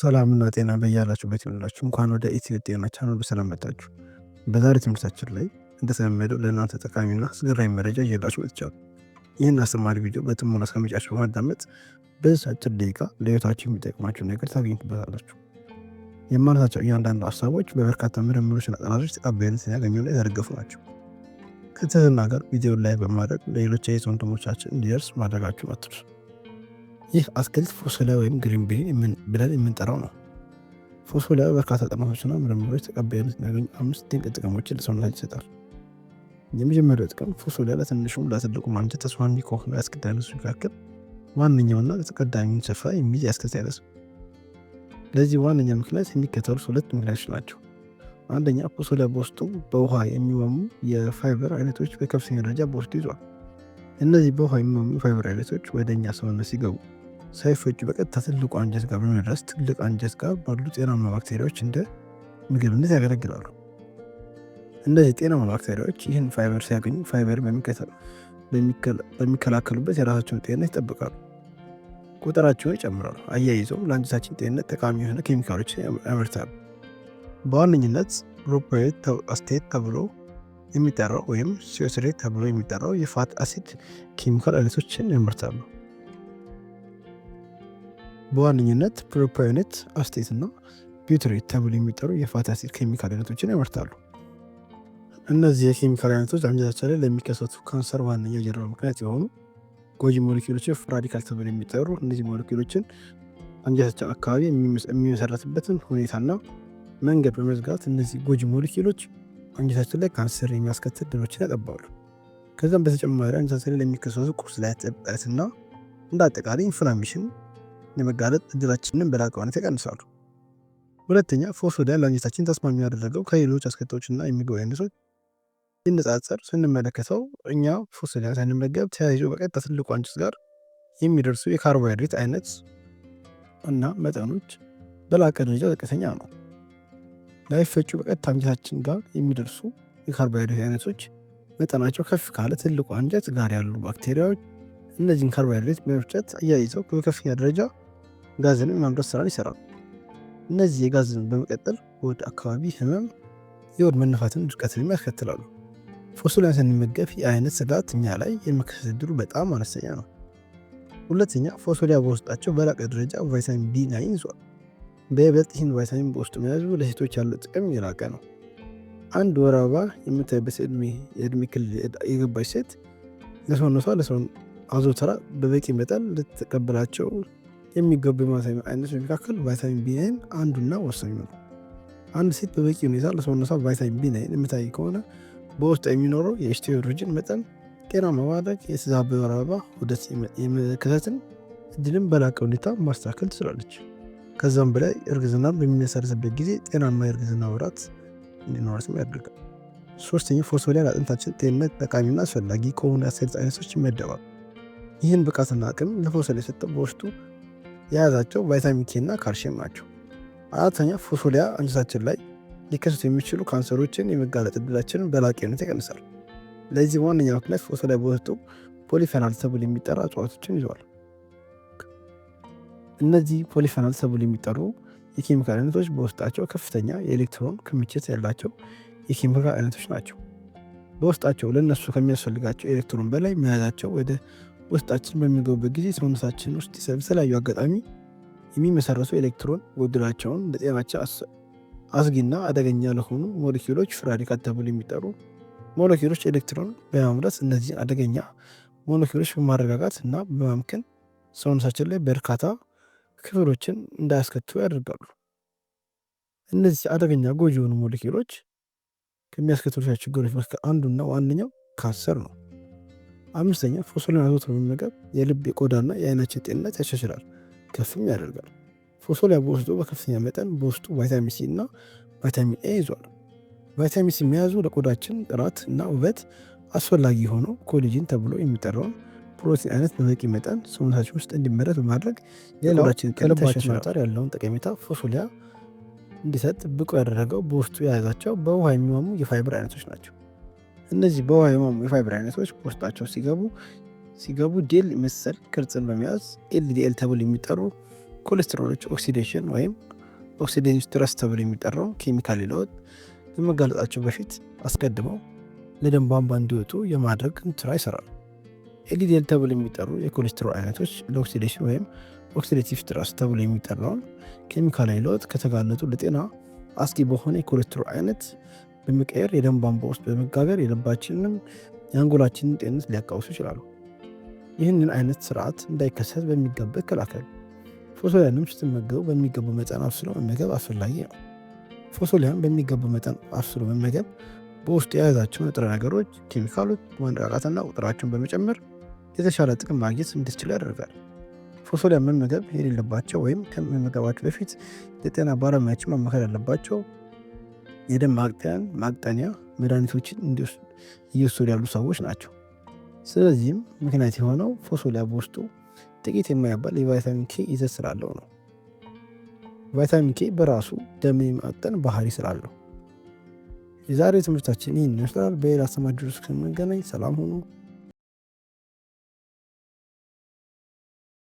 ሰላምና ጤና በያላችሁበት ይሁንላችሁ። እንኳን ወደ ኢትዮ ጤና ቻናል በሰላም መጣችሁ። በዛሬ ትምህርታችን ላይ እንደተለመደው ለእናንተ ጠቃሚና አስገራሚ መረጃ እየላችሁ መጥቻለሁ። ይህን አስተማሪ ቪዲዮ በጥሞና እስከመጨረሻው በማዳመጥ በዚህ አጭር ደቂቃ ለሕይወታችሁ የሚጠቅማችሁ ነገር ታገኙበታላችሁ። የማነሳቸው እያንዳንዱ ሀሳቦች በበርካታ ምርምሮችና ጥናቶች ተቀባይነት ያገኙ ላይ የተደገፉ ናቸው። ከትህትና ጋር ቪዲዮ ላይ በማድረግ ለሌሎች ወንድሞቻችን እንዲደርስ ማድረጋችሁ አትርሱ። ይህ አትክልት ፎሶላ ወይም ግሪን ቤሪ ብለን የምንጠራው ነው። ፎሶላ በርካታ ጥናቶችና ምርምሮች ተቀባይነት የሚያገኙ አምስት ድንቅ ጥቅሞችን ለሰውነታችን ይሰጣል። የመጀመሪያው ጥቅም ፎሶላ ለትንሹም ለትልቁ አንጀት ተስማሚ ከሆኑ የአትክልት አይነቶች መካከል ዋነኛውና ተቀዳሚውን ስፍራ የሚይዝ የአትክልት አይነት ነው። ለዚህ ዋነኛ ምክንያት የሚከተሉት ሁለት ምክንያቶች ናቸው። አንደኛ ፎሶላ በውስጡ በውሃ የሚሟሙ የፋይበር አይነቶች በከፍተኛ ደረጃ በውስጡ ይዟል። እነዚህ በውሃ ፋይበር አይነቶች ወደ እኛ ሰውነት ሲገቡ ሳይፈጩ በቀጥታ ትልቁ አንጀት ጋር በመድረስ ትልቅ አንጀት ጋር ባሉ ጤናማ ባክቴሪያዎች እንደ ምግብነት ያገለግላሉ። እነዚህ ጤናማ ባክቴሪያዎች ይህን ፋይበር ሲያገኙ ፋይበር በሚከላከሉበት የራሳቸውን ጤንነት ይጠብቃሉ፣ ቁጥራቸውን ይጨምራሉ። አያይዘውም ለአንጀታችን ጤንነት ጠቃሚ የሆነ ኬሚካሎችን ያመርታሉ። በዋነኝነት ፕሮፓዮት አስቴት ተብሎ የሚጠራው ወይም ሲኦሲዴት ተብሎ የሚጠራው የፋት አሲድ ኬሚካል አይነቶችን ያመርታሉ። በዋነኝነት ፕሮፓዮኔት፣ አስቴት እና ቢውትሬት ተብሎ የሚጠሩ የፋት አሲድ ኬሚካል አይነቶችን ያመርታሉ። እነዚህ የኬሚካል አይነቶች አንጀታችን ላይ ለሚከሰቱ ካንሰር ዋነኛ ጀርባ ምክንያት የሆኑ ጎጂ ሞለኪውሎችን ራዲካል ተብሎ የሚጠሩ እነዚህ ሞሌኪሎችን አንጀታችን አካባቢ የሚመሰረትበትን ሁኔታና መንገድ በመዝጋት እነዚህ ጎጂ ሞሌኪሎች አንጀታችን ላይ ካንሰር የሚያስከትል ድኖችን ያጠባሉ። ከዚም በተጨማሪ አንጀታችን ላይ ለሚከሰቱ ቁስለት፣ እብጠትና እንደ አጠቃላይ ኢንፍላሜሽን የመጋለጥ እድላችንን በላቀ ሁኔታ ይቀንሳሉ። ሁለተኛ ፎሶዲያን ለአንጀታችን ተስማሚ ያደረገው ከሌሎች አስከታዎችና የምግብ አይነቶች ሲነጻጸር ስንመለከተው እኛ ፎሶዲያን ሳንመገብ ተያይዞ በቀጥታ ትልቁ አንጀት ጋር የሚደርሱ የካርቦሃይድሬት አይነት እና መጠኖች በላቀ ደረጃ ዝቅተኛ ነው። ላይፈጩ በቀጥታ አንጀታችን ጋር የሚደርሱ የካርቦሃይድሬት አይነቶች መጠናቸው ከፍ ካለ ትልቁ አንጀት ጋር ያሉ ባክቴሪያዎች እነዚህን ካርቦሃይድሬት በመፍጨት አያይዘው በከፍተኛ ደረጃ ጋዝንም የማምረት ስራን ይሰራሉ። እነዚህ የጋዝን በመቀጠል ወደ አካባቢ ህመም፣ የወድ መነፋትን፣ ድርቀትን ያስከትላሉ። ፎሶሊያን ስንመገብ የአይነት ስጋት እኛ ላይ የመከሰት እድሉ በጣም አነስተኛ ነው። ሁለተኛ ፎሶሊያ በውስጣቸው በላቀ ደረጃ ቫይታሚን ቢ ናይን ይዟል። በይበልጥ ይህን ቫይታሚን በውስጡ መያዙ ለሴቶች ያለ ጥቅም የራቀ ነው። አንድ ወር አበባ የምታይበት የእድሜ ክልል የገባች ሴት ለሰውነቷ ለሰውን አዞተራ በበቂ መጠን ልትቀበላቸው የሚገቡ የቫይታሚን አይነቶች መካከል ቫይታሚን ቢናይን አንዱና ወሳኙ ነው። አንድ ሴት በበቂ ሁኔታ ለሰውነቷ ቫይታሚን ቢናይን የምታይ ከሆነ በውስጥ የሚኖረው የኤስትሮጅን መጠን ጤናማ ማድረግ፣ የተዛበ ወር አበባ ውደት የመከሰትን እድልም በላቀ ሁኔታ ማስተካከል ትችላለች። ከዛም በላይ እርግዝና በሚመሰርዝበት ጊዜ ጤናማ የእርግዝና ወራት እንዲኖራትም ያደርጋል። ሶስተኛ ፎሶሊያ ለአጥንታችን ጤንነት ጠቃሚና አስፈላጊ ከሆኑ የአሰሪት አይነቶች ይመደባል። ይህን ብቃትና አቅም ለፎሶሊያ ሰጠ በውስጡ የያዛቸው ቫይታሚን ኬ እና ካልሽየም ናቸው። አራተኛ ፎሶሊያ አንጀታችን ላይ ሊከሰቱ የሚችሉ ካንሰሮችን የመጋለጥ እድላችንን በላቂነት ይቀንሳል። ለዚህ ዋነኛ ምክንያት ፎሶሊያ በውስጡ ፖሊፌናል ተብሎ የሚጠራ እጽዋቶችን ይዘዋል። እነዚህ ፖሊፈናል ተብሎ የሚጠሩ የኬሚካል አይነቶች በውስጣቸው ከፍተኛ የኤሌክትሮን ክምችት ያላቸው የኬሚካል አይነቶች ናቸው። በውስጣቸው ለእነሱ ከሚያስፈልጋቸው ኤሌክትሮን በላይ መያዛቸው ወደ ውስጣችን በሚገቡበት ጊዜ ሰውነታችን ውስጥ በተለያዩ አጋጣሚ የሚመሰረቱ ኤሌክትሮን ጎድላቸውን ለጤናቸው አስጊና አደገኛ ለሆኑ ሞለኪሎች ፍራሪካት ተብሎ የሚጠሩ ሞለኪሎች ኤሌክትሮን በማምረት እነዚህን አደገኛ ሞለኪሎች በማረጋጋት እና በማምከን ሰውነታችን ላይ በርካታ ክፍሎችን እንዳያስከትሉ ያደርጋሉ። እነዚህ አደገኛ ጎጂ የሆኑ ሞለኪሎች ከሚያስከትሉት ችግሮች መካከል አንዱና ዋነኛው ካንሰር ነው። አምስተኛ ፎሶሊን አዘውትሮ መመገብ የልብ የቆዳና የአይናችን ጤንነት ያሻሽላል፣ ከፍም ያደርጋል። ፎሶሊያ በውስጡ በከፍተኛ መጠን በውስጡ ቫይታሚን ሲ እና ቫይታሚን ኤ ይዟል። ቫይታሚን ሲ ለቆዳችን ጥራት እና ውበት አስፈላጊ የሆነው ኮሊጅን ተብሎ የሚጠራውን ፕሮቲን አይነት በበቂ መጠን ሰውነታችን ውስጥ እንዲመረት በማድረግ የቆዳችን ከልባችን አንጻር ያለውን ጠቀሜታ ፎሶሊያ እንዲሰጥ ብቁ ያደረገው በውስጡ የያዛቸው በውሃ የሚሟሙ የፋይበር አይነቶች ናቸው። እነዚህ በውሃ የሚሟሙ የፋይበር አይነቶች በውስጣቸው ሲገቡ ሲገቡ ዴል መሰል ቅርጽን በመያዝ ኤልዲኤል ተብሎ የሚጠሩ ኮሌስትሮሎች ኦክሲዴሽን ወይም ኦክሲዴሽን ስትረስ ተብሎ የሚጠራው ኬሚካል ለውጥ ከመጋለጣቸው በፊት አስቀድመው ለደም ቧንቧ እንዲወጡ የማድረግ ስራ ይሰራሉ። ኤልዲኤል ተብሎ የሚጠሩ የኮሌስትሮል አይነቶች ለኦክሲዴሽን ወይም ኦክሲዴቲቭ ስትረስ ተብሎ የሚጠራውን ኬሚካላዊ ለውጥ ከተጋለጡ ለጤና አስጊ በሆነ የኮሌስትሮል አይነት በመቀየር የደም ቧንቧ ውስጥ በመጋገር የልባችንንም የአንጎላችንን ጤንነት ሊያቃውሱ ይችላሉ። ይህንን አይነት ስርዓት እንዳይከሰት በሚገባ ይከላከል። ፎሶሊያንም ስትመገቡ በሚገቡ መጠን አብስሎ መመገብ አስፈላጊ ነው። ፎሶሊያን በሚገቡ መጠን አብስሎ መመገብ በውስጡ የያዛቸው ንጥረ ነገሮች ኬሚካሎች በማነቃቃትና ቁጥራቸውን በመጨመር የተሻለ ጥቅም ማግኘት እንድትችል ያደርጋል። ፎሶሊያ መመገብ የሌለባቸው ወይም ከመመገባቸው በፊት የጤና ባለሙያዎች ማማከር ያለባቸው የደም ማቅጠያን ማቅጠኒያ መድኃኒቶችን እየወሰዱ ያሉ ሰዎች ናቸው። ስለዚህም ምክንያት የሆነው ፎሶሊያ በውስጡ ጥቂት የማይባል የቫይታሚን ኬ ይዘት ስላለው ነው። ቫይታሚን ኬ በራሱ ደም የማቅጠን ባህሪ ስላለው የዛሬ ትምህርታችን ይህን ይመስላል። በሌላ አስተማሪ ድረስ ከምንገናኝ ሰላም ሁኑ።